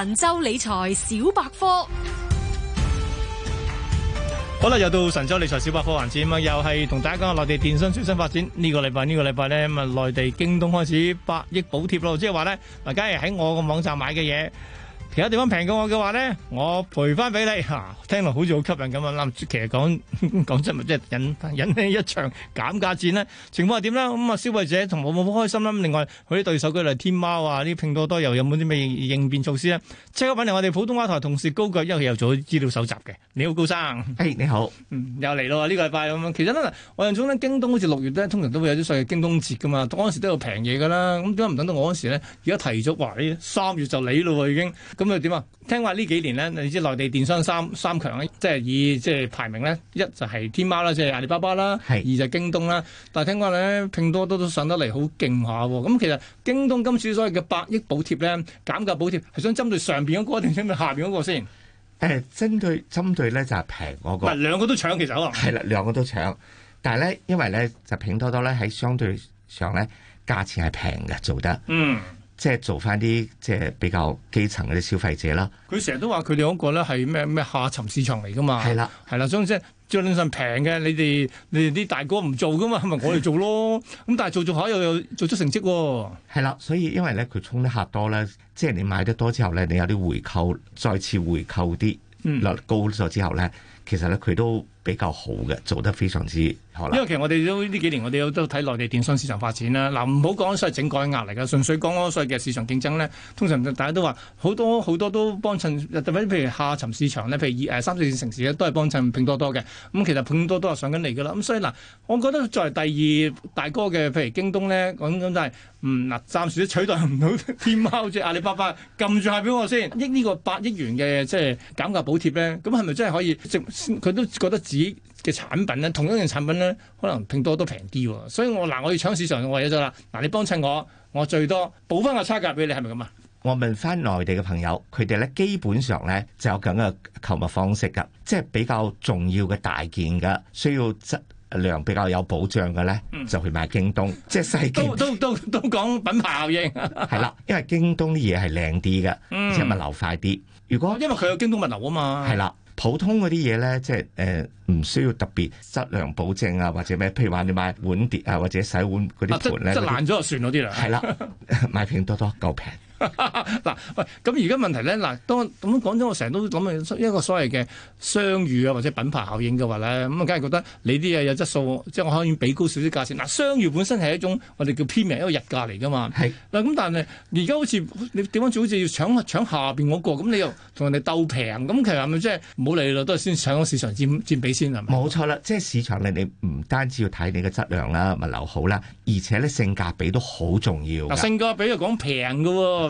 神州理財小百科，好啦，又到神州理財小百科環節啊！又係同大家講下內地電商最新發展。呢個禮拜呢個禮拜咧，咁啊，內地京東開始百億補貼咯，即係話咧，嗱，梗係喺我個網站買嘅嘢。其他地方平過我嘅話呢，我賠翻俾你。吓、啊，聽落好似好吸引咁啊！其實講講真，咪即係引引起一場減價戰咧。情況係點呢？咁、嗯、啊，消費者同冇冇開心啦。另外，佢啲對手，舉例天貓啊，啲拼多多，又有冇啲咩應變措施咧？即刻揾嚟我哋普通話台同事高炬，因為佢有做資料搜集嘅。你好，高生。Hey, 你好。嗯、又嚟咯、啊，呢、這個禮拜咁樣。其實呢，我印象中咧，京東好似六月咧，通常都會有啲所謂京東節噶嘛。當時都有平嘢噶啦。咁點解唔等到我嗰時呢，而家提早話，三月就嚟咯、啊，已經、啊。咁又點啊？聽話呢幾年咧，你知內地電商三三強咧，即係以即係排名咧，一就係天貓啦，即係阿里巴巴啦，係二就係京東啦。但係聽話咧，拼多多都上得嚟好勁下喎。咁，嗯，其實京東今次所謂嘅百億補貼咧，減價補貼係想針對上邊嗰個定針對下邊嗰個先？誒、欸，針對針對咧就係平嗰個，唔係兩個都搶其實啊，係啦，兩個都搶。但係咧，因為咧就拼多多咧喺相對上咧價錢係平嘅，做得嗯。即係做翻啲即係比較基層嗰啲消費者啦。佢成日都話佢哋嗰個咧係咩咩下沉市場嚟噶嘛？係啦的，係啦，所以即係論上平嘅，你哋你哋啲大哥唔做噶嘛，咪、就是、我哋做咯。咁 但係做著做下又有做出成績喎、哦。係啦，所以因為咧佢沖得客多咧，即係你買得多之後咧，你有啲回扣，再次回扣啲率高咗之後咧。嗯其實呢，佢都比較好嘅，做得非常之好啦。因為其實我哋都呢幾年，我哋都睇內地電商市場發展啦。嗱，唔好講咗，所以整改壓力嘅，純粹講咗，所以嘅市場競爭呢，通常大家都話好多好多都幫襯，特別譬如下沉市場呢，譬如三四線城市咧，都係幫襯拼多多嘅。咁、嗯、其實拼多多係上緊嚟嘅啦。咁、嗯、所以嗱，我覺得作為第二大哥嘅，譬如京東咧，咁咁就係、是、嗯嗱，暫時都取代唔到 天貓即係阿里巴巴。撳住下畀我先，益呢個百億元嘅即係減價補貼呢。咁係咪真係可以？佢都覺得自己嘅產品咧，同一樣產品咧，可能拼多多平啲喎。所以我嗱，我要搶市場，我為咗啦，嗱，你幫襯我，我最多補翻個差價俾你，係咪咁啊？我問翻內地嘅朋友，佢哋咧基本上咧就有咁嘅購物方式㗎，即係比較重要嘅大件嘅，需要質量比較有保障嘅咧，就去買京東，即係細件都都都講品牌效應，係啦，因為京東啲嘢係靚啲嘅，而且物流快啲。如果因為佢有京東物流啊嘛，係啦。普通嗰啲嘢咧，即係誒唔需要特別質量保證啊，或者咩？譬如話你買碗碟啊，或者洗碗嗰啲盤咧，即爛咗就算嗰啲啦。係啦，買拼多多夠平。嗱，喂，咁而家問題咧，嗱，當咁樣講咗，我成日都諗嘅一個所謂嘅商譽啊，或者品牌效應嘅話咧，咁啊，梗係覺得你啲嘢有質素，即係我可以俾高少少價錢。嗱，商譽本身係一種我哋叫偏名一個日價嚟㗎嘛。係是。嗱，咁但係而家好似你點樣好似要搶搶下邊嗰個，咁你又同人哋鬥平，咁其實係咪即係唔好理，咯？都係先搶個市場佔佔比先係冇錯啦，即係市場你唔單止要睇你嘅質量啦、物流好啦，而且咧性價比都好重要。嗱，性價比又講平㗎喎。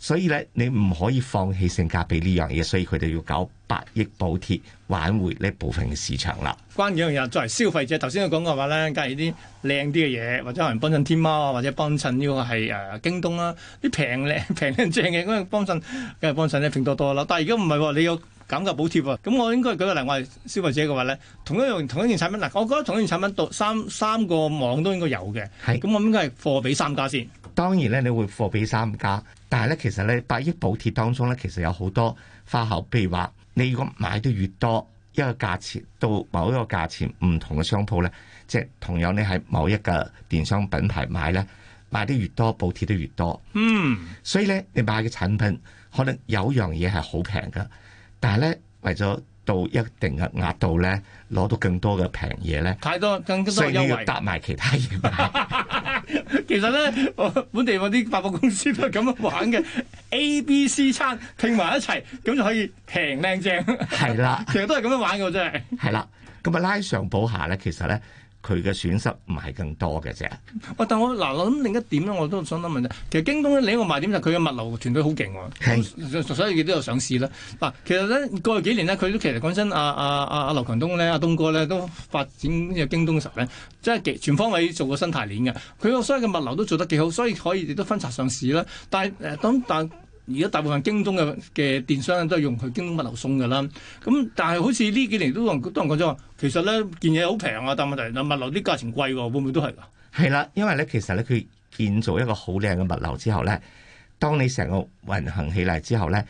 所以咧，你唔可以放棄性價比呢樣嘢，所以佢哋要搞百億補貼挽回呢部分嘅市場啦。關於呢樣嘢作為消費者，頭先我講過話咧，介意啲靚啲嘅嘢，或者可能幫襯天貓啊，或者幫襯呢個係誒、呃、京東啦，啲平靚平靚正嘅，咁樣幫襯梗係幫襯呢拼多多啦。但係如果唔係喎，你有減價補貼喎，咁我應該舉個例，我係消費者嘅話咧，同一樣同一件產品，嗱、啊，我覺得同一件產品到，三三個網都應該有嘅，係咁是，我應該係貨比三家先。當然咧，你會貨比三家。但係咧，其實咧，百億補貼當中咧，其實有好多花巧。譬如話，你如果買得越多，一個價錢到某一個價錢，唔同嘅商鋪咧，即係同樣你喺某一個電商品牌買咧，買得越多補貼得越多。嗯，所以咧，你買嘅產品可能有樣嘢係好平㗎，但係咧，為咗到一定嘅額度咧，攞到更多嘅平嘢咧，太多更多優惠所以要搭埋其他嘢買。 其實咧，本地嗰啲百貨公司都係咁樣玩嘅，A、 B、C 餐拼埋一齊，咁就可以平靚正。係啦是的， 其實都係咁樣玩嘅，真係。係啦，咁啊拉上補下咧，其實咧。佢嘅損失唔係更多嘅啫。喂、啊，但我嗱、啊，我諗另一點咧，我都想問問。其實京東咧，另一個賣點就係佢嘅物流團隊好勁喎。是所以佢都有上市啦。嗱、啊，其實咧，過去幾年呢，佢都其實講真，阿阿阿阿劉強東咧，阿、啊、東哥咧都發展呢個京東嘅時候，即係幾全方位做個生態鏈嘅。佢個所有嘅物流都做得幾好，所以可以亦都分拆上市啦。但係誒，等、呃、但。而家大部分京東嘅嘅電商都係用佢京東物流送噶啦，咁但係好似呢幾年都同多人講咗，其實咧件嘢好平啊，但問題就物流啲價錢貴喎，會唔會都係？係啦，因為咧其實咧佢建造一個好靚嘅物流之後咧，當你成個運行起嚟之後咧，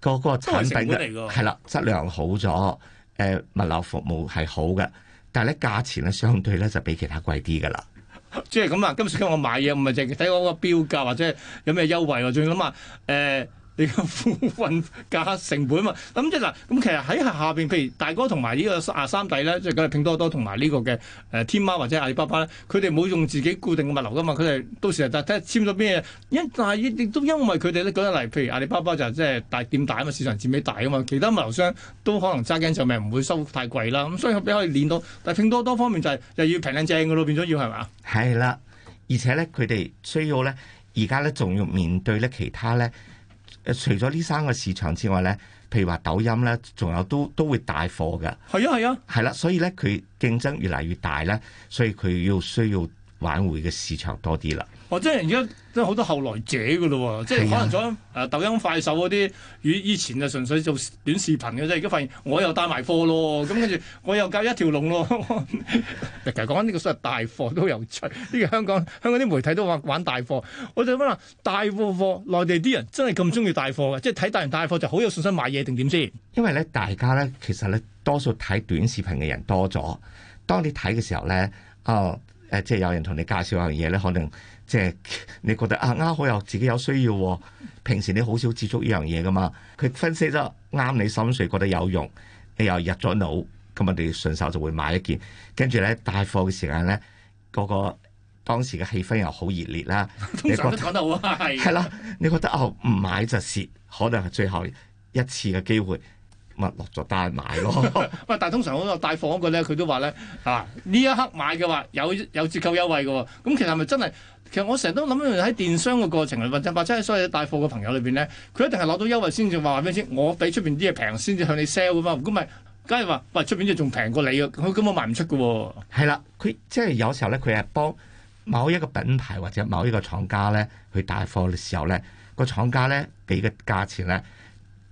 個個產品嘅係啦，質量好咗，誒物流服務係好嘅，但係咧價錢咧相對咧就比其他貴啲噶啦。即係咁啊！今日我買嘢唔係淨係睇我個標價，或者有咩優惠，我仲要諗下誒。你個貨運價成本啊嘛，咁即嗱，咁其實喺下邊，譬如大哥同埋呢個阿三弟咧，即係講係拼多多同埋呢個嘅誒天貓或者阿里巴巴咧，佢哋冇用自己固定嘅物流噶嘛，佢哋到時就睇睇簽咗咩？因但係亦都因為佢哋咧，講得嚟，譬如阿里巴巴就即係大店、就是、大啊嘛，市場佔比大啊嘛，其他物流商都可能揸緊就咪唔會收太貴啦，咁所以佢俾可以攣到。但係拼多多方面就係、是、又、就是、要平靚正噶咯，變咗要係嘛？係啦，而且咧佢哋需要咧，而家咧仲要面對咧其他咧。誒除咗呢三個市場之外咧，譬如話抖音咧，仲有都都會帶貨㗎。係啊係啊，係啦，啊，所以咧佢競爭越嚟越大咧，所以佢要需要挽回嘅市場多啲啦。哦，即係而家都好多後來者噶咯喎，啊、即係可能咗誒抖音、快手嗰啲，以以前就純粹做短視頻嘅，啫。而家發現我又帶埋貨咯，咁跟住我又搞一條龍咯。 其實講緊呢個所謂大貨都有趣。呢個香港香港啲媒體都話玩大貨。我就點啊？大貨貨，內地啲人真係咁中意大貨嘅？即係睇大完大貨就好有信心買嘢定點先？因為咧，大家咧其實咧多數睇短視頻嘅人多咗，當你睇嘅時候咧，啊、哦。誒，即係有人同你介紹一樣嘢咧，可能即係你覺得啊啱好又自己有需要，平時你好少接觸依樣嘢噶嘛。佢分析得啱你心水，覺得有用，你又入咗腦，咁我哋順手就會買一件。跟住咧帶貨嘅時間咧，嗰個當時嘅氣氛又好熱烈啦。通常都講得好係。係 啦，你覺得哦唔買就蝕，可能係最後一次嘅機會。咪落咗單買咯。喂， 但係通常我個帶貨嗰個咧，佢都話咧，啊呢一刻買嘅話有有折扣優惠嘅喎、哦。咁其實係咪真係？其實我成日都諗喺電商嘅過程嚟揾或者喺所有帶貨嘅朋友裏邊咧，佢一定係攞到優惠先至話俾你先？我俾出邊啲嘢平先至向你 sell 啊嘛。咁咪梗係話喂出邊嘢仲平過你啊？佢根本賣唔出嘅喎、哦。係啦，佢即係有時候咧，佢係幫某一個品牌或者某一個廠家咧去帶貨嘅時候咧，個廠家咧俾嘅價錢咧。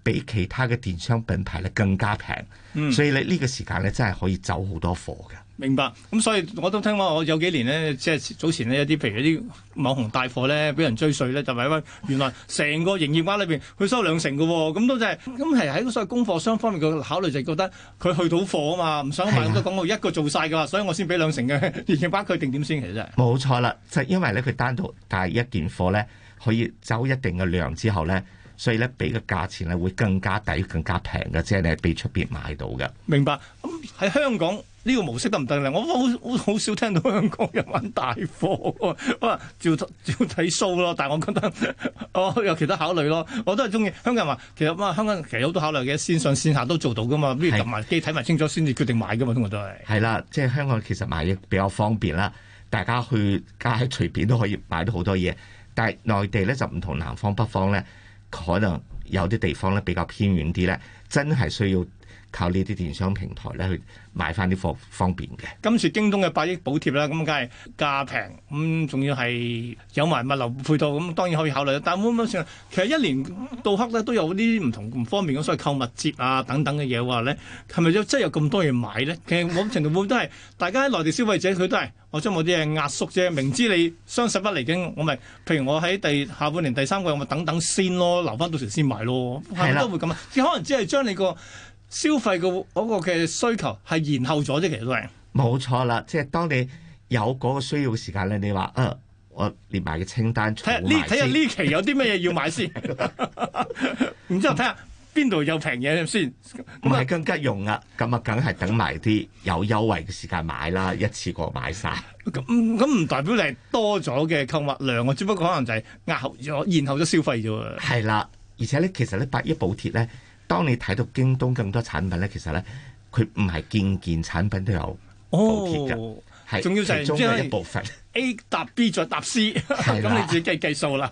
比其他嘅電商品牌咧更加平，嗯、所以咧呢個時間咧真係可以走好多貨嘅。明白，咁所以我都聽講，我有幾年咧，即、就、係、是、早前些些呢，有啲譬如啲網紅帶貨咧，俾人追稅咧，就係因為原來成個營業額裏邊佢收兩成嘅喎、哦，咁都真係咁係喺所謂供貨商方面，嘅考慮就係覺得佢去到貨啊嘛，唔想買咁多廣告，一個做晒嘅話，的所以我先俾兩成嘅 營業額，佢定點先其實。冇錯啦，就係、因為咧佢單獨帶一件貨咧，可以走一定嘅量之後咧。所以咧，俾個價錢咧會更加抵、更加平嘅，即係你係比出邊買到嘅。明白？咁、嗯、喺香港呢、呢個模式得唔得咧？我好好，好，好少聽到香港人揾大貨喎，啊、嗯，照照睇數咯。但係我覺得，哦，有其他考慮咯。我都係中意香港人話，其實哇，香港其實好多考慮嘅，線上線下都做到噶嘛。是不如撳埋機睇埋清楚，先至決定買噶嘛。通常都係。係啦，即係香港其實買嘢比較方便啦。大家去街隨便都可以買到好多嘢，但係內地咧就唔同南方北方咧。可能有啲地方咧比較偏遠啲咧，真係需要，靠呢啲電商平台咧去買翻啲貨方便嘅。今次京東嘅百億補貼啦，咁梗係價平，咁、嗯、仲要係有埋物流配套，咁當然可以考慮。但係會唔會算，其實一年到黑咧都有啲唔同唔方便嘅，所謂購物節啊等等嘅嘢話咧，係咪真有咁多嘢買咧？其實某程度上都係 大家喺內地消費者，佢都係我將我啲嘢壓縮啫。明知你雙十一嚟緊，我咪譬如我喺第下半年第三季，我咪等等先咯，留翻到時先買咯。係咪都會咁，只 可能只係將你個消費嘅嗰個嘅需求係延後咗啫，其實都係冇錯啦。即係當你有嗰個需要嘅時間咧，你話，誒、啊，我列埋個清單，出下呢睇下呢期有啲咩嘢要買先， 了 然之後睇下邊度有平嘢先。唔係更加用啊？咁啊，梗係等埋啲有優惠嘅時間買啦，一次過買晒。咁咁唔代表你多咗嘅購物量啊？只不過可能就係壓後咗，延後咗消費啫喎。係啦，而且咧，其實咧，百億補貼咧。當你睇到京東咁多產品咧，其實咧，佢唔係件件產品都有補貼㗎。Oh. 仲要就係其中一部分，A 搭 B 再搭 C，咁你自己計計數啦。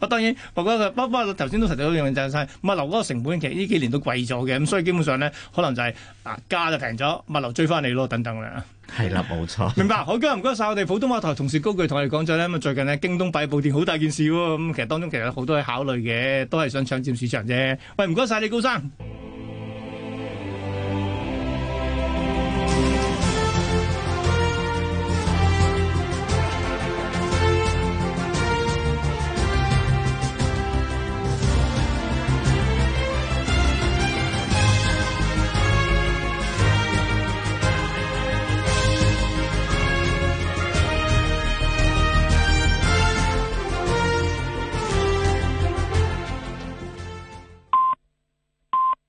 我 當然，我講嘅不不，頭先都提到一樣就係物流嗰個成本，其實呢幾年都貴咗嘅。咁所以基本上呢，可能就係、是、啊，價就平咗，物流追翻你咯，等等嘅。係啦，冇錯。 明白。好，唔該晒我哋普通話台同事高炬同我哋講咗呢。咁啊，最近呢，京東擺布店好大件事喎。咁其實當中其實好多考慮嘅，都係想搶佔市場啫。喂，唔該晒你高生。